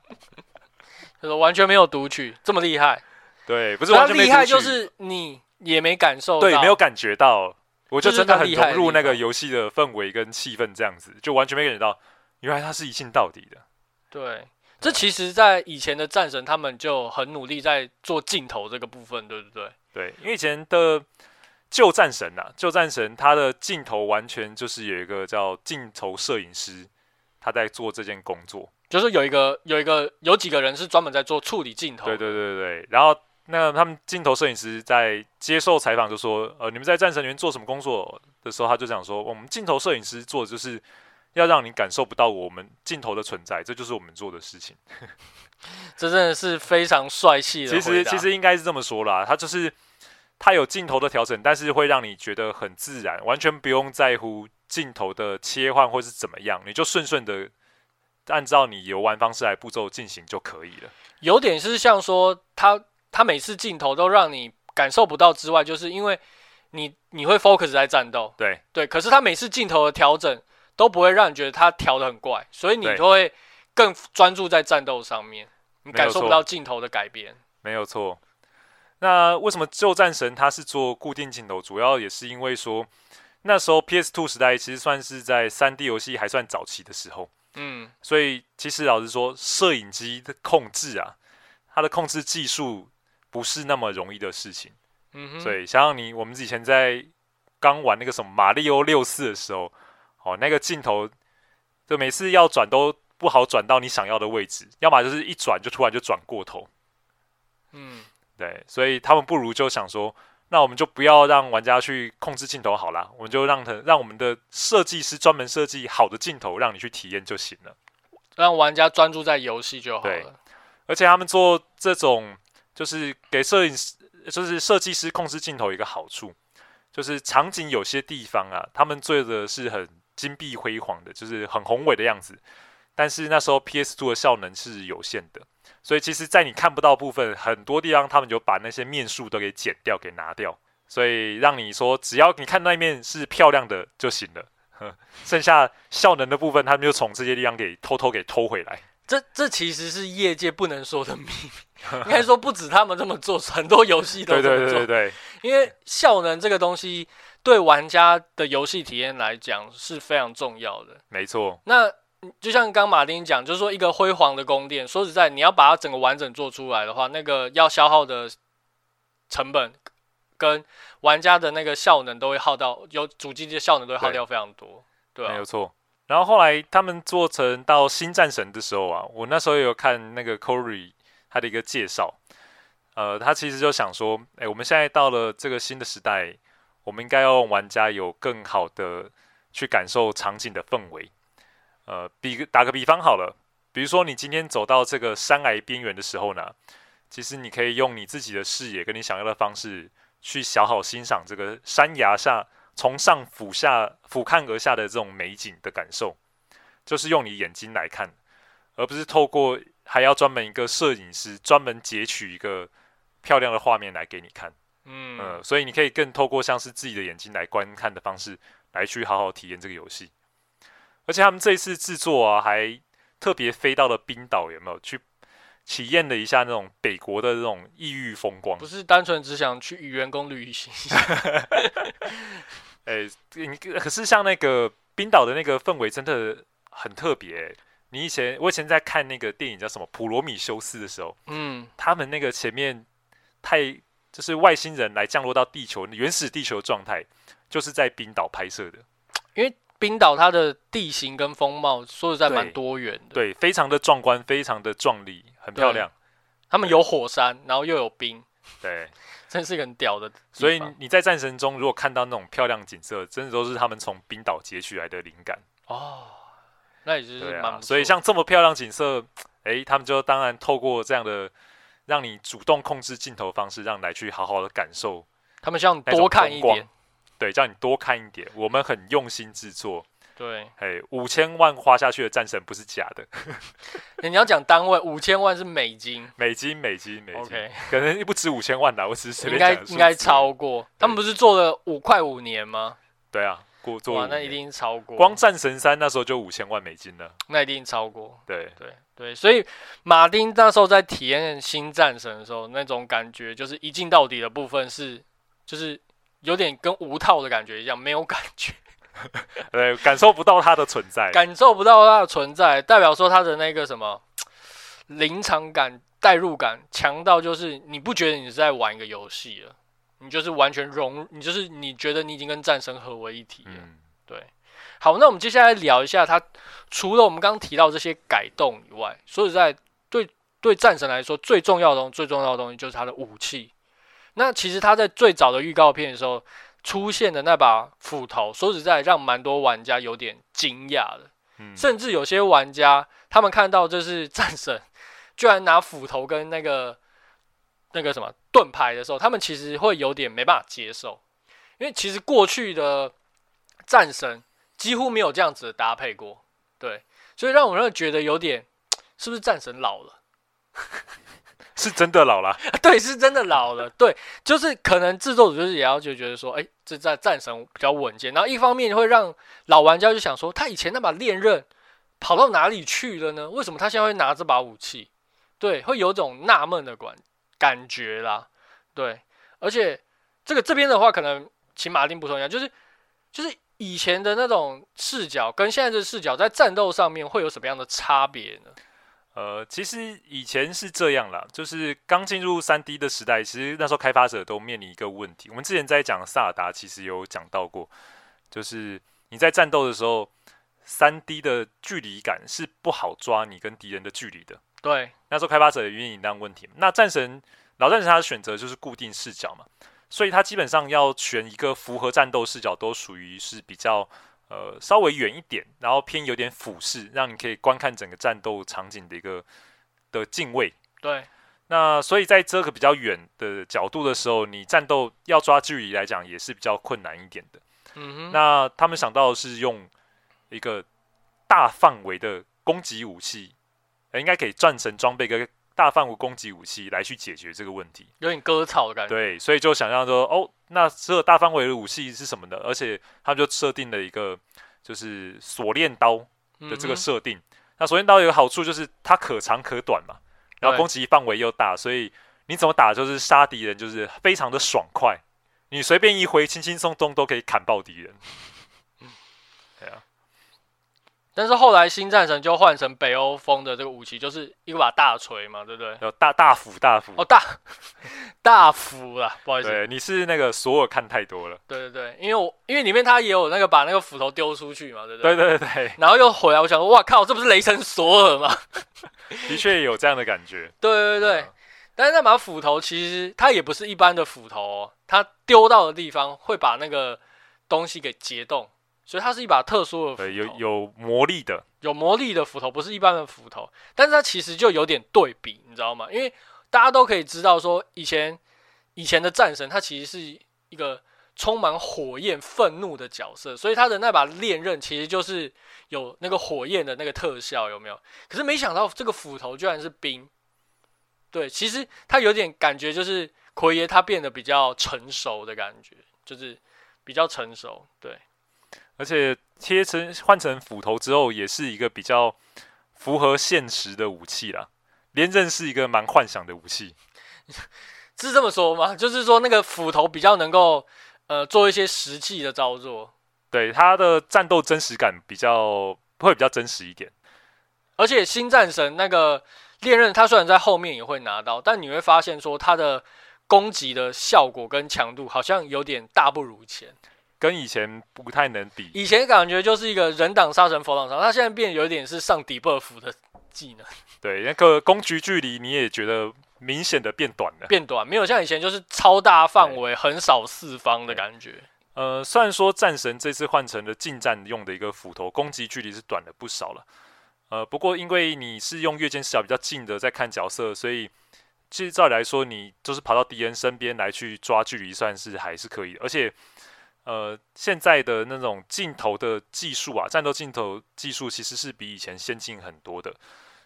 完全沒有讀取，這麼厲害？對，不是我完全沒讀取，但厲害就是你也沒感受，對，沒有感覺到。我，覺得就，我就真的很投入，入那個遊戲的氛圍跟氣氛，這樣子就完全沒感覺到。原來他是一鏡到底的。對，對這其實，在以前的戰神，他們就很努力在做鏡頭這個部分，對不對？對，因為以前的舊戰神吶、啊，舊戰神他的鏡頭完全就是有一個叫鏡頭攝影師，他在做這件工作。就是有一個有一個有幾個人是專門在做處理鏡頭。對對對對。然後那個他們鏡頭攝影師在接受採訪就說：“呃，你們在《戰神》裡面做什麼工作的時候，他就講說，我們鏡頭攝影師做的就是要讓你感受不到我們鏡頭的存在，這就是我們做的事情。 *laughs* 這真的是非常帥氣的回答。其實其實應該是這麼說啦、啊，他就是他有鏡頭的調整，但是會讓你覺得很自然，完全不用在乎鏡頭的切換或是怎麼樣，你就順順的。”按照你遊玩方式來步驟進行就可以了。有點是像說，他他每次鏡頭都讓你感受不到之外，就是因為你你會 focus 在戰鬥，對對。可是他每次鏡頭的調整都不會讓你覺得他調得很怪，所以你都會更專注在戰鬥上面，對你感受不到鏡頭的改變。沒有錯。那為什麼《舊戰神》他是做固定鏡頭，主要也是因為說那時候 PS2 時代其實算是在 3D 遊戲還算早期的時候。嗯，所以其實老實說，攝影機的控制啊，它的控制技術不是那麼容易的事情。嗯哼。嗯，所以像你我們以前在剛玩那個什麼《馬里奧六四》的時候，哦，那個鏡頭就每次要轉都不好轉到你想要的位置，要麼就是一轉就突然就轉過頭。嗯，對，所以他們不如就想說。那我們就不要讓玩家去控制鏡頭好了，我們就讓他讓我們的設計師專門設計好的鏡頭，讓你去體驗就行了。讓玩家專注在遊戲就好了。對，而且他們做這種就是給攝影師，就是設計師控制鏡頭一個好處，就是場景有些地方啊，他們做的是很金碧輝煌的，就是很宏偉的樣子。但是那時候 PS2 的效能是有限的。所以，其實，在你看不到部分，很多地方他們就把那些面數都給剪掉，給拿掉，所以讓你說，只要你看那一面是漂亮的就行了。剩下效能的部分，他們就從這些地方給偷偷給偷回來。這這其實是業界不能說的秘密，應 *laughs* 該說不止他們這麼做，很多遊戲都這麼做。對對，對對對對，因為效能這個東西對玩家的遊戲體驗來講是非常重要的。沒錯。那。就像剛馬丁講，就是說一個輝煌的宮殿，說實在，你要把它整個完整做出來的話，那個要消耗的成本跟玩家的那個效能都會耗到，有主機的效能都會耗掉非常多，對啊，沒有錯。然後後來他們做成到《新戰神》的時候啊，我那時候也有看那個 Corey 他的一個介紹，呃，他其實就想說，哎、欸，我們現在到了這個新的時代，我們應該要讓玩家有更好的去感受場景的氛圍。呃，比個打個比方好了，比如說你今天走到這個山崖邊緣的時候呢，其實你可以用你自己的視野跟你想要的方式去小好欣賞這個山崖下從上俯下俯瞰而下的這種美景的感受，就是用你眼睛來看，而不是透過還要專門一個攝影師專門截取一個漂亮的畫面來給你看，嗯、呃，所以你可以更透過像是自己的眼睛來觀看的方式，來去好好體驗這個遊戲。而且他們這一次製作啊，還特別飛到了冰島，有沒有去體驗了一下那種北國的這種異域風光？不是單純只想去與員工旅行。哎、 *laughs* *laughs* 欸，可是像那個冰島的那個氛圍真的很特別、欸。你以前我以前在看那個電影叫什麼《普羅米修斯》的時候，嗯，他們那個前面太就是外星人來降落到地球原始地球狀態，就是在冰島拍攝的，因為。冰島它的地形跟風貌，說實在蠻對多元的，對，非常的壯觀，非常的壯麗，很漂亮。他們有火山，對然後又有冰，對，真是一個很屌的。所以你在戰神中如果看到那種漂亮景色，真的都是他們從冰島截取來的靈感。哦，那也是是蠻，啊、不錯。所以像這麼漂亮景色，哎，欸，他們就當然透過這樣的讓你主動控制鏡頭方式，讓你來去好好的感受，他們希望多看一點。對，叫你多看一點。我們很用心制作。對，哎，五千萬花下去的戰神不是假的。 *laughs* 欸、你要講單位，五千萬是美金。美金，美金，美金。Okay. 可能不止五千萬的，我只是隨便講。應該應該超過。對他們不是做了五塊五年嗎？對啊，過做哇那一定超過。光戰神三那時候就五千萬美金了，那一定超過。對對對，所以馬丁那時候在體驗新戰神的時候，那種感覺就是一鏡到底的部分是，就是。有點跟無套的感覺一樣，沒有感覺， *laughs* 對，感受不到它的存在，感受不到它的存在，代表說它的那個什麼臨場感、代入感強到就是你不覺得你是在玩一個遊戲了，你就是完全融，你就是你覺得你已經跟戰神合為一體了。嗯、對，好，那我們接下來聊一下它除了我們剛剛提到這些改動以外，所以在對對戰神來說最重要的東西、最重要的東西就是它的武器。那其實他在最早的預告片的時候出現的那把斧頭，說實在讓蠻多玩家有點驚訝的，甚至有些玩家他們看到就是戰神居然拿斧頭跟那個那個什麼盾牌的時候，他們其實會有點沒辦法接受，因為其實過去的戰神幾乎沒有這樣子的搭配過，對，所以讓我覺得有點是不是戰神老了？ *laughs* 是真的老了，對，是真的老了，對，就是可能製作組就是也要就覺得說，哎、欸，這在戰神比較穩健，然後一方面會讓老玩家就想說，他以前那把鏈刃跑到哪裡去了呢？為什麼他現在會拿這把武器？對，會有種納悶的感感覺啦，對，而且這個這邊的話，可能請馬丁補充一下，就是就是以前的那種視角跟現在這視角在戰鬥上面會有什麼樣的差別呢？呃，其實以前是這樣啦，就是剛進入三 D 的時代，其實那時候開發者都面臨一個問題。我們之前在講《薩爾達》，其實有講到過，就是你在戰鬥的時候，三 D 的距離感是不好抓你跟敵人的距離的。對，那時候開發者也有遇到問題。那《戰神》老《戰神》他的選擇就是固定視角嘛，所以他基本上要選一個符合戰鬥視角，都屬於是比較。呃，稍微遠一點，然後偏有點俯視，讓你可以觀看整個戰鬥場景的一個的敬畏。對，那所以在這個比較遠的角度的時候，你戰鬥要抓距離來講也是比較困難一點的。嗯哼，那他們想到的是用一個大範圍的攻擊武器，呃，應該給戰神裝備一個。大範圍攻擊武器來去解決這個問題，有點割草的感覺。對，所以就想象說，哦，那這個大範圍的武器是什麼呢？而且他們就設定了一個，就是鎖鏈刀的、嗯、哼這個設定。那鎖鏈刀有個好處就是它可長可短嘛，然後攻擊範圍又大，對所以你怎麼打就是殺敵人就是非常的爽快，你隨便一揮，輕輕鬆鬆都可以砍爆敵人。但是後來新戰神就換成北歐風的這個武器，就是一把大錘嘛，對不對？有大大斧，大斧哦，大大斧啊、哦！不好意思對，你是那個索爾看太多了。對對對，因為我因為裡面他也有那個把那個斧頭丟出去嘛，對不對？對對對，然後又回來，我想說，哇靠，這不是雷神索爾嗎？的確有這樣的感覺。 *laughs* 對，對對對，嗯、但是那把斧頭其實它也不是一般的斧頭、哦，它丟到的地方會把那個東西給結凍。所以它是一把特殊的斧頭，有有魔力的，有魔力的斧頭不是一般的斧頭，但是它其實就有點對比，你知道嗎？因為大家都可以知道說，以前以前的戰神他其實是一個充滿火焰憤怒的角色，所以他的那把煉刃其實就是有那個火焰的那個特效，有沒有？可是沒想到這個斧頭居然是冰，對，其實他有點感覺就是奎爺他變得比較成熟的感覺，就是比較成熟，對。而且切成換成斧頭之後，也是一個比較符合現實的武器啦。連刃是一個蠻幻想的武器， *laughs* 是這麼說嗎？就是說那個斧頭比較能夠呃做一些實際的操作，對它的戰鬥真實感比較會比較真實一點。而且新戰神那個連刃，它雖然在後面也會拿到，但你會發現說它的攻擊的效果跟強度好像有點大不如前。跟以前不太能比，以前感覺就是一個人擋殺神，佛擋殺，他現在變有一點是上 debuff 的技能。對，那個攻擊距離你也覺得明顯的變短了，變短，沒有像以前就是超大範圍橫掃四方的感覺。呃，雖然說戰神這次換成了近戰用的一個斧頭，攻擊距離是短了不少了。呃，不過因為你是用越肩視角比較近的在看角色，所以其實照理來說，你就是跑到敵人身邊來去抓距離，算是還是可以的，而且。呃，現在的那種鏡頭的技術啊，戰鬥鏡頭技術其實是比以前先進很多的。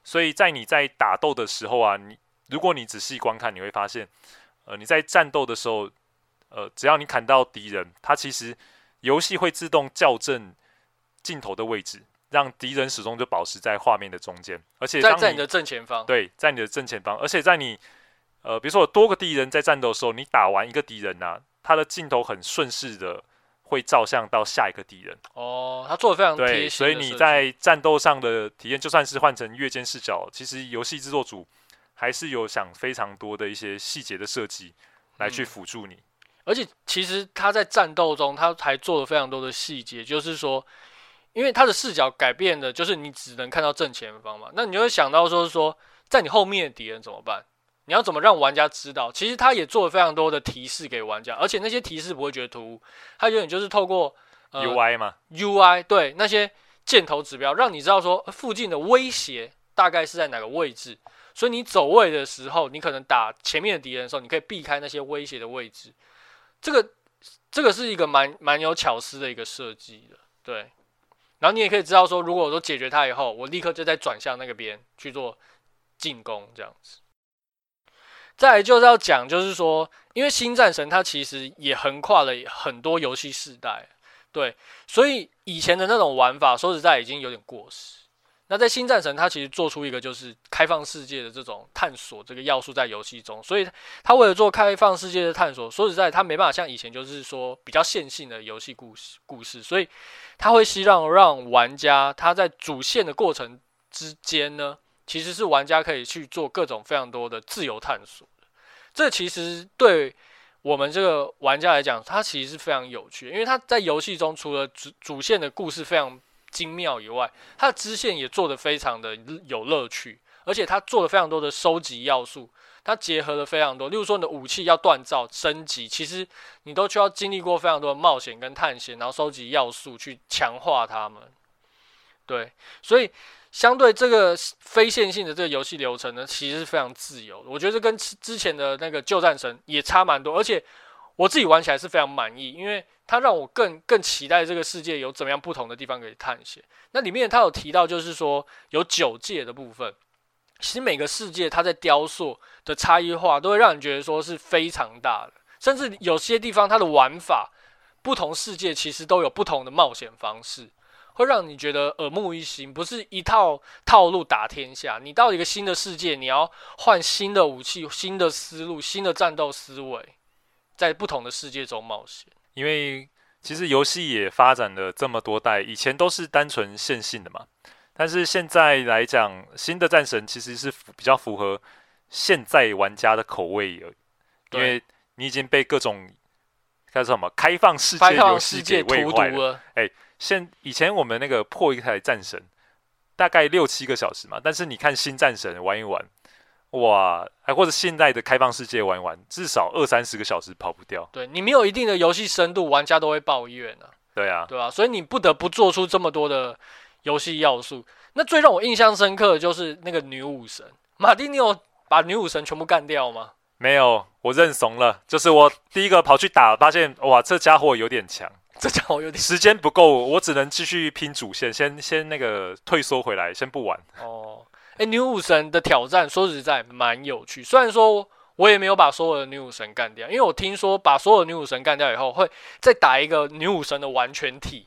所以在你在打鬥的時候啊，你如果你仔細觀看，你會發現，呃，你在戰鬥的時候，呃，只要你砍到敵人，他其實遊戲會自動校正鏡頭的位置，讓敵人始終就保持在畫面的中間，而且當你在在你的正前方，對，在你的正前方，而且在你呃，比如說有多個敵人在戰鬥的時候，你打完一個敵人呢、啊，他的鏡頭很順勢的。會照相到下一個敵人哦，他做的非常貼心的設計。對，所以你在戰鬥上的體驗，就算是換成越肩視角，其實遊戲製作組還是有想非常多的一些細節的設計來去輔助你。嗯、而且，其實他在戰鬥中，他還做了非常多的細節，就是說，因為他的視角改變的，就是你只能看到正前方嘛，那你就會想到說，是說在你後面的敵人怎麼辦？你要怎麼讓玩家知道？其實他也做了非常多的提示給玩家，而且那些提示不會覺得突兀。它有點就是透過、呃、UI 嘛，UI 對，那些箭頭指標，讓你知道說附近的威脅大概是在哪個位置。所以你走位的時候，你可能打前面的敵人的時候，你可以避開那些威脅的位置。這個這個是一個蠻蠻有巧思的一個設計的，對。然後你也可以知道說，如果我都解決它以後，我立刻就再轉向那個邊去做進攻，這樣子。再來就是要講，就是說，因為《新戰神》它其實也橫跨了很多遊戲世代，對，所以以前的那種玩法，說實在已經有點過時。那在《新戰神》它其實做出一個就是開放世界的這種探索這個要素在遊戲中，所以它為了做開放世界的探索，說實在它沒辦法像以前就是說比較線性的遊戲故事故事，所以它會希望讓玩家他在主線的過程之間呢。其實是玩家可以去做各種非常多的自由探索，這其實對我們這個玩家來講，它其實是非常有趣的。因為他在遊戲中，除了主主線的故事非常精妙以外，它的支線也做得非常的有樂趣，而且他做了非常多的收集要素，它結合了非常多，例如說你的武器要鍛造升級，其實你都需要經歷過非常多的冒險跟探險，然後收集要素去強化它們。對，所以。相對這個非線性的這個遊戲流程呢，其實是非常自由的。我覺得這跟之前的那個舊戰神也差蠻多，而且我自己玩起來是非常滿意，因為它讓我更更期待這個世界有怎麼樣不同的地方可以探險。那裡面它有提到，就是說有九界的部分，其實每個世界它在雕塑的差異化都會讓人覺得說是非常大的，甚至有些地方它的玩法，不同世界其實都有不同的冒險方式。會讓你覺得耳目一新，不是一套套路打天下。你到一個新的世界，你要換新的武器，新的思路，新的戰鬥思維，在不同的世界中冒險。因為其實遊戲也發展了這麼多代，以前都是單純線性的嘛。但是現在來講，新的戰神其實是比較符合現在玩家的口味而已。對因為你已經被各種叫做什麼開放世界遊戲給餵壞了，哎。欸現以前我們那個破一台戰神，大概六七個小時嘛。但是你看新戰神玩一玩，哇！還或者現在的開放世界玩一玩，至少二三十個小時跑不掉。對，你沒有一定的遊戲深度，玩家都會抱怨啊。對啊，對啊。所以你不得不做出這麼多的遊戲要素。那最讓我印象深刻的就是那個女武神。馬丁，你有把女武神全部幹掉嗎？沒有，我認慫了。就是我第一個跑去打，發現哇，這家伙有點強。這講我有點時間不夠，我只能繼續拼主線，先先那個退縮回來，先不玩。哦，誒、欸，女武神的挑戰說實在蠻有趣，雖然說我也沒有把所有的女武神幹掉，因為我聽說把所有女武神幹掉以後，會再打一個女武神的完全體，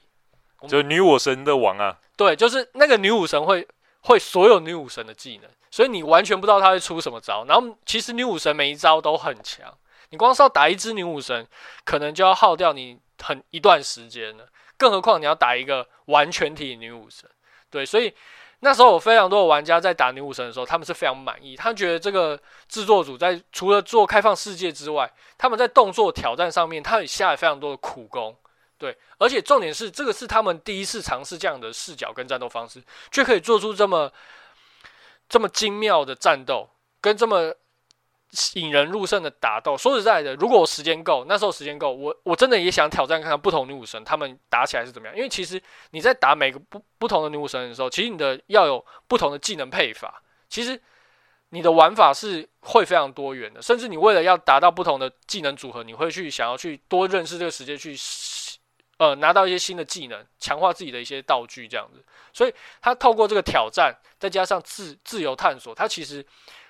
就女武神的王啊。對，就是那個女武神會會所有女武神的技能，所以你完全不知道他會出什麼招。然後其實女武神每一招都很強，你光是要打一只女武神，可能就要耗掉你。很一段時間呢，更何況你要打一個完全體女武神，對，所以那時候有非常多的玩家在打女武神的時候，他們是非常滿意，他們覺得這個制作組在除了做開放世界之外，他們在動作挑戰上面，他也下了非常多的苦功，對，而且重點是這個是他們第一次嘗試這樣的視角跟戰鬥方式，卻可以做出這麼這麼精妙的戰鬥跟這麼。引人入勝的打鬥。說實在的，如果我時間夠，那時候時間夠，我我真的也想挑戰看看不同女武神她們打起來是怎麼樣。因為其實你在打每個不不同的女武神的時候，其實你的要有不同的技能配法，其實你的玩法是會非常多元的，甚至你為了要達到不同的技能組合，你會去想要去多認識這個世界，去呃拿到一些新的技能，強化自己的一些道具這樣子。所以，他透過這個挑戰，再加上自自由探索，他其實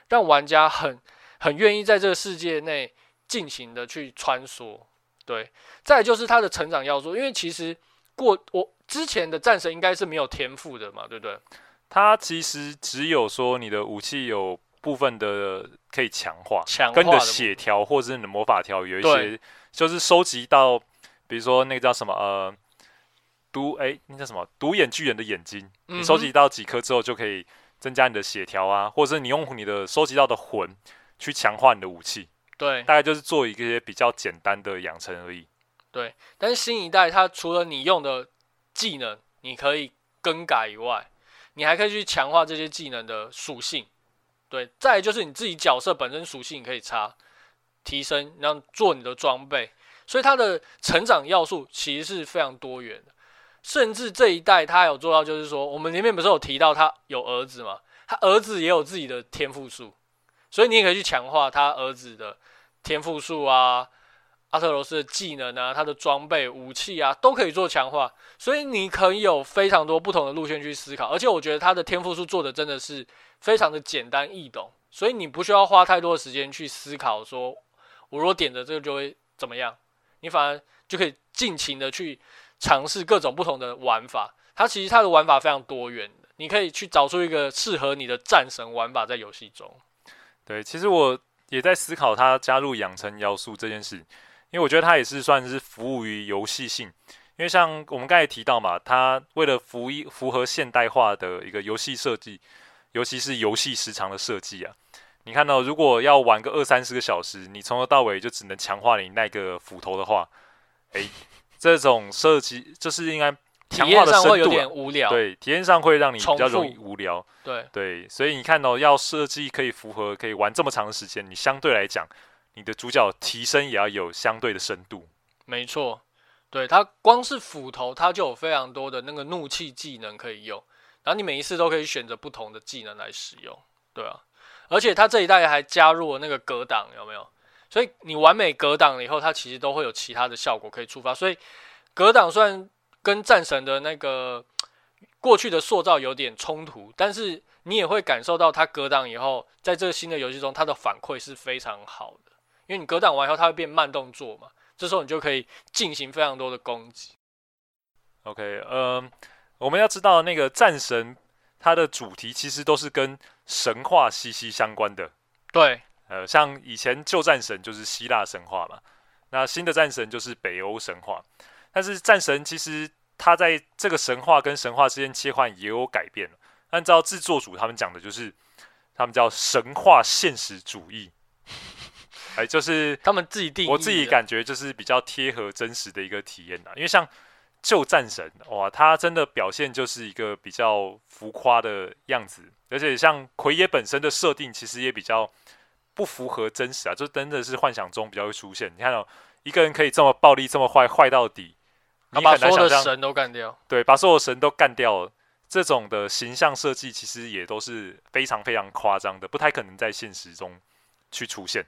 讓玩家很。很願意在這個世界內進行的去穿梭，對。再來就是他的成長要素，因為其實過我之前的戰神應該是沒有天賦的嘛，對不對？他其實只有說你的武器有部分的可以強化，強化，跟你的血條或者你的魔法條有一些，對就是收集到，比如說那個叫什麼呃獨哎那叫什麼獨眼巨人的眼睛，你收集到幾顆之後就可以增加你的血條啊，嗯哼或者是你用你的收集到的魂。去強化你的武器，對，大概就是做一些比較簡單的養成而已，對。但是新一代，它除了你用的技能你可以更改以外，你還可以去強化這些技能的屬性，對。再來就是你自己角色本身屬性可以差提升，然後做你的裝備，所以它的成長要素其實是非常多元的。甚至這一代它有做到，就是說我們前面不是有提到他有兒子嗎？他兒子也有自己的天賦樹。所以你也可以去強化他兒子的天賦樹啊，阿特羅斯的技能啊，他的裝備、武器啊，都可以做強化。所以你可以有非常多不同的路線去思考。而且我覺得他的天賦樹做的真的是非常的簡單易懂，所以你不需要花太多的時間去思考說，我如果點的這個就會怎麼樣，你反而就可以盡情的去嘗試各種不同的玩法。他其實他的玩法非常多元的，你可以去找出一個適合你的戰神玩法在遊戲中。對，其實我也在思考它加入養成要素這件事，因為我覺得它也是算是服務於遊戲性。因為像我們剛才提到嘛，它為了符一符合現代化的一個遊戲設計，尤其是遊戲時長的設計啊，你看到如果要玩個二三十個小時，你從頭到尾就只能強化你那個斧頭的話，誒，這種設計就是應該。體驗上會有點無聊，對，體驗上會讓你比較容易無聊，對對，所以你看哦，要設計可以符合可以玩這麼長的時間，你相對來講，你的主角提升也要有相對的深度。沒錯，對，它光是斧頭，它就有非常多的那個怒氣技能可以用，然後你每一次都可以選擇不同的技能來使用，對啊，而且它這一代還加入了那個格擋，有沒有？所以你完美格擋了以後，它其實都會有其他的效果可以觸發，所以格擋雖然跟戰神的那個過去的塑造有點衝突，但是你也會感受到他格擋以後，在這個新的遊戲中，他的反饋是非常好的。因為你格擋完以後，他會變慢動作嘛，這時候你就可以進行非常多的攻擊。OK，呃，我們要知道那個戰神，它的主題其實都是跟神話息息相關的。對，呃，像以前舊戰神就是希臘神話嘛，那新的戰神就是北歐神話。但是戰神其實他在這個神話跟神話之間切換也有改變，按照製作組他們講的，就是他們叫神話現實主義，哎，就是他們自己定義。我自己感覺就是比較貼合真實的一個體驗的。因為像舊戰神哇，他真的表現就是一個比較浮誇的樣子，而且像奎爺本身的設定其實也比較不符合真實啊，就真的是幻想中比較會出現。你看到哦，一個人可以這麼暴力，這麼壞，壞到底。你把所有的神都幹掉，對，把所有神都幹掉了，這種的形象設計其實也都是非常非常誇張的，不太可能在現實中去出現。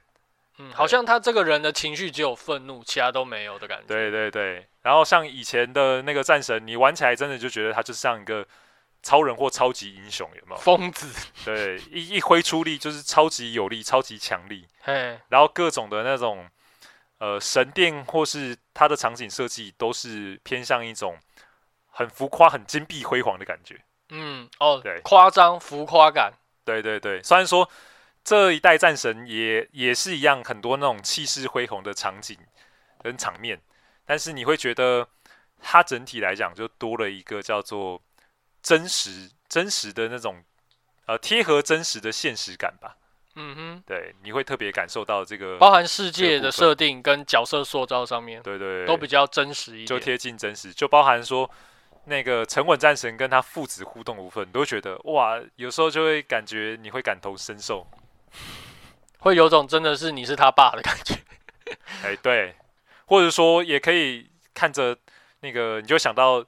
嗯，好像他這個人的情緒只有憤怒，其他都沒有的感覺。對對對，對，然後像以前的那個戰神，你玩起來真的就覺得他就像一個超人或超級英雄，有沒有？瘋子，對，一一揮出力就是超級有力、超級強力，嘿，然後各種的那種。呃，神殿或是它的場景設計都是偏向一種很浮誇、很金碧輝煌的感覺。嗯，哦，對，誇張、浮誇感。對對對，雖然說這一代戰神也也是一樣，很多那種氣勢恢宏的場景跟場面，但是你會覺得它整體來講就多了一個叫做真實、真實的那種呃，貼合真實的現實感吧。嗯哼，對，你會特別感受到這個包含世界的設定跟角色塑造上面，對，對對，都比較真實一點，就貼近真實。就包含說那個沉穩戰神跟他父子互動的部分，你都覺得哇，有時候就會感覺你會感同身受，會有種真的是你是他爸的感覺。哎、 *laughs* 欸，對，或者說也可以看着那個，你就想到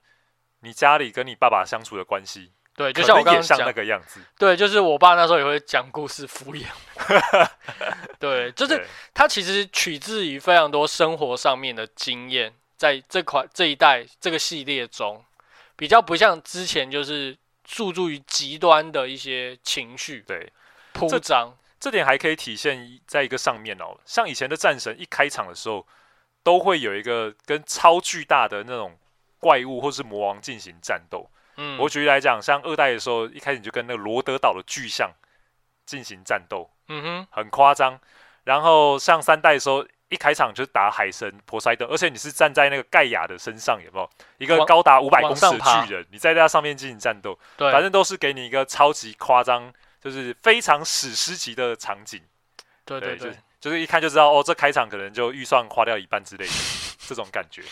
你家裡跟你爸爸相處的關係。對，就像我剛剛講那個樣子。對，就是我爸那時候也會講故事敷衍。 *laughs* *laughs* 對，就是對他其實取自於非常多生活上面的經驗，在這款這一代這個系列中，比較不像之前就是訴諸於極端的一些情緒，對，鋪張這。這點還可以體現在一個上面哦，像以前的戰神一開場的時候，都會有一個跟超巨大的那種怪物或是魔王進行戰鬥。嗯，我舉例來講，像二代的時候，一開始你就跟那個羅德島的巨像進行戰鬥，嗯哼，很誇張。然後像三代的時候，一開場就是打海神波塞冬，而且你是站在那個蓋亞的身上，有沒有？一個高達五百公尺的巨人，你在他上面進行戰鬥，對，反正都是給你一個超級誇張，就是非常史詩級的場景。對對對，對就，就是一看就知道哦，這開場可能就預算花掉一半之類的 *laughs* 這種感覺。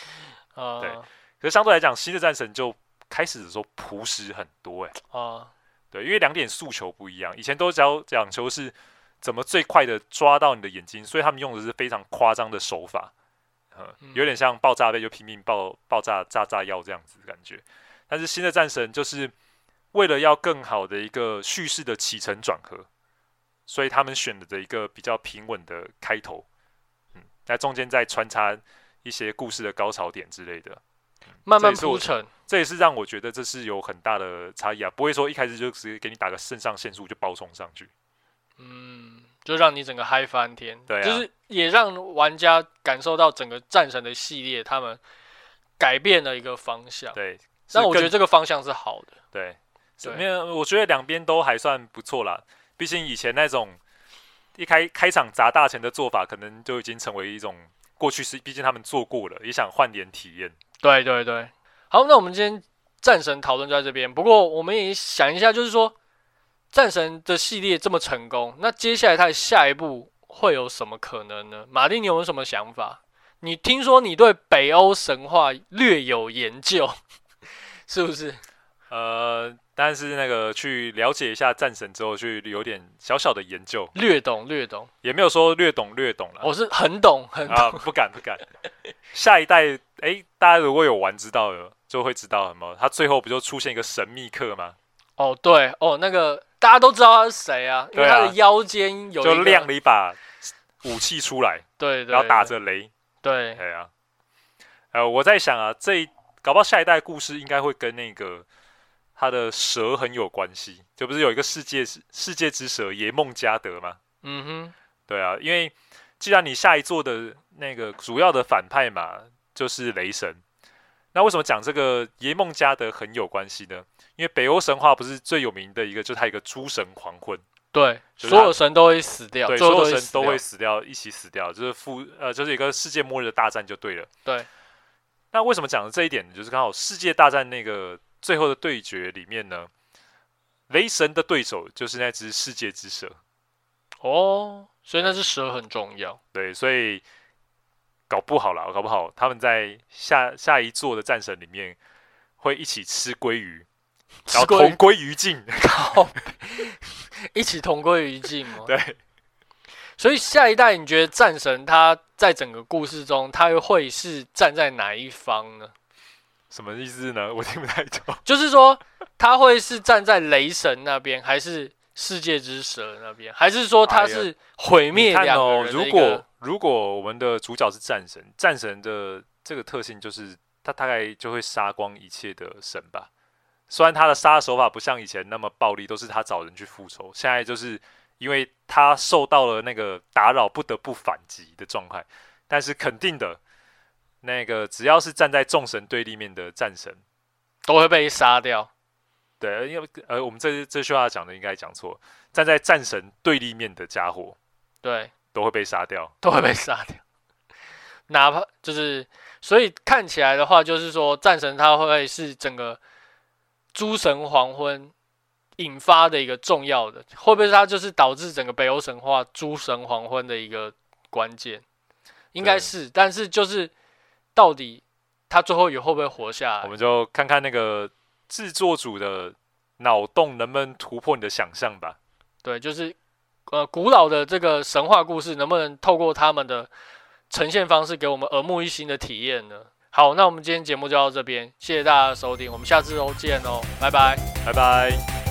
啊，對。可是相對來講，新的戰神就。開始的時候樸實很多哎啊，對，因為兩點訴求不一樣，以前都講講求是怎麼最快的抓到你的眼睛，所以他們用的是非常誇張的手法，嗯，有點像爆炸背就拼命爆爆炸炸炸藥這樣子的感覺。但是新的戰神就是為了要更好的一個敘事的起承轉合，所以他們選擇一個比較平穩的開頭，嗯，在中間再穿插一些故事的高潮點之類的、嗯，慢慢鋪陳這也是讓我覺得這是有很大的差異啊，不會說一開始就直接給你打個腎上腺素就爆衝上去，嗯，就讓你整個嗨翻天，對啊，就是也讓玩家感受到整個戰神的系列他們改變了一個方向，對，那我覺得這個方向是好的，對，怎麼樣？我覺得兩邊都還算不錯啦，畢竟以前那種一開開場砸大錢的做法，可能就已經成為一種過去式，畢竟他們做過了，也想換點體驗，對對對。好，那我們今天戰神討論就在這邊。不過我們也想一下，就是說戰神的系列這麼成功，那接下來他的下一步會有什麼可能呢？馬丁，你有什麼想法？你聽說你對北歐神話略有研究，是不是？呃，但是那個去了解一下戰神之後，去有點小小的研究，略懂略懂，略懂也沒有說略懂略懂了，我、哦、是很懂很懂，不敢、啊、不敢。不敢 *laughs* 下一代，哎、欸，大家如果有玩知道的，就會知道什麼，他最後不就出現一個神秘客嗎？哦，對哦，那個大家都知道他是誰啊，啊因為他的腰間有就亮了一把武器出來， *laughs* 對,對,對對，然後打着雷，對對啊、呃，我在想啊，這搞不好下一代故事應該會跟那個。他的蛇很有關係，這不是有一個世界世界之蛇耶夢加德嗎？嗯哼，對啊，因為既然你下一座的那個主要的反派嘛，就是雷神，那為什麼講這個耶夢加德很有關係呢？因為北歐神話不是最有名的一個，就他一個諸神黃昏，對，所有神都會死掉，對，死掉對，所有神都會死掉，一起死掉，就是復呃，就是一個世界末日的大戰就對了。對，那為什麼講的這一點呢？就是剛好世界大戰那個。最後的對決裡面呢，雷神的對手就是那只世界之蛇，哦，所以那只蛇很重要。對，所以搞不好啦，搞不好他們在下下一座的戰神裡面會一起吃鮭魚，然後同歸於盡，然後同歸於盡同 *laughs* 一起同歸於盡嗎？對，所以下一代，你覺得戰神他在整個故事中他會是站在哪一方呢？什麼意思呢？我聽不太懂。 *laughs* 就是說，他會是站在雷神那邊，還是世界之蛇那邊，還是說他是毀滅、啊？你看哦、如果如果我們的主角是戰神，戰神的這個特性就是他大概就會殺光一切的神吧。雖然他的殺手法不像以前那麼暴力，都是他找人去復仇。現在就是因為他受到了那個打擾，不得不反擊的狀態。但是肯定的。那個只要是站在眾神對立面的戰神，都會被殺掉。對，因為呃，我們這這句話講的應該講錯。站在戰神對立面的家伙，對，都會被殺掉，都會被殺掉。 *laughs* 哪怕就是，所以看起來的話，就是說戰神他會不會是整個諸神黃昏引發的一個重要的？會不會它就是導致整個北歐神話諸神黃昏的一個關鍵？應該是，對 但是就是。到底他最後以後會不會活下來？我們就看看那個製作組的腦洞能不能突破你的想象吧。對，就是呃古老的這個神話故事，能不能透過他們的呈現方式，給我們耳目一新的體驗呢？好，那我們今天節目就到這邊，謝謝大家的收聽，我們下次都見哦，拜拜，拜拜。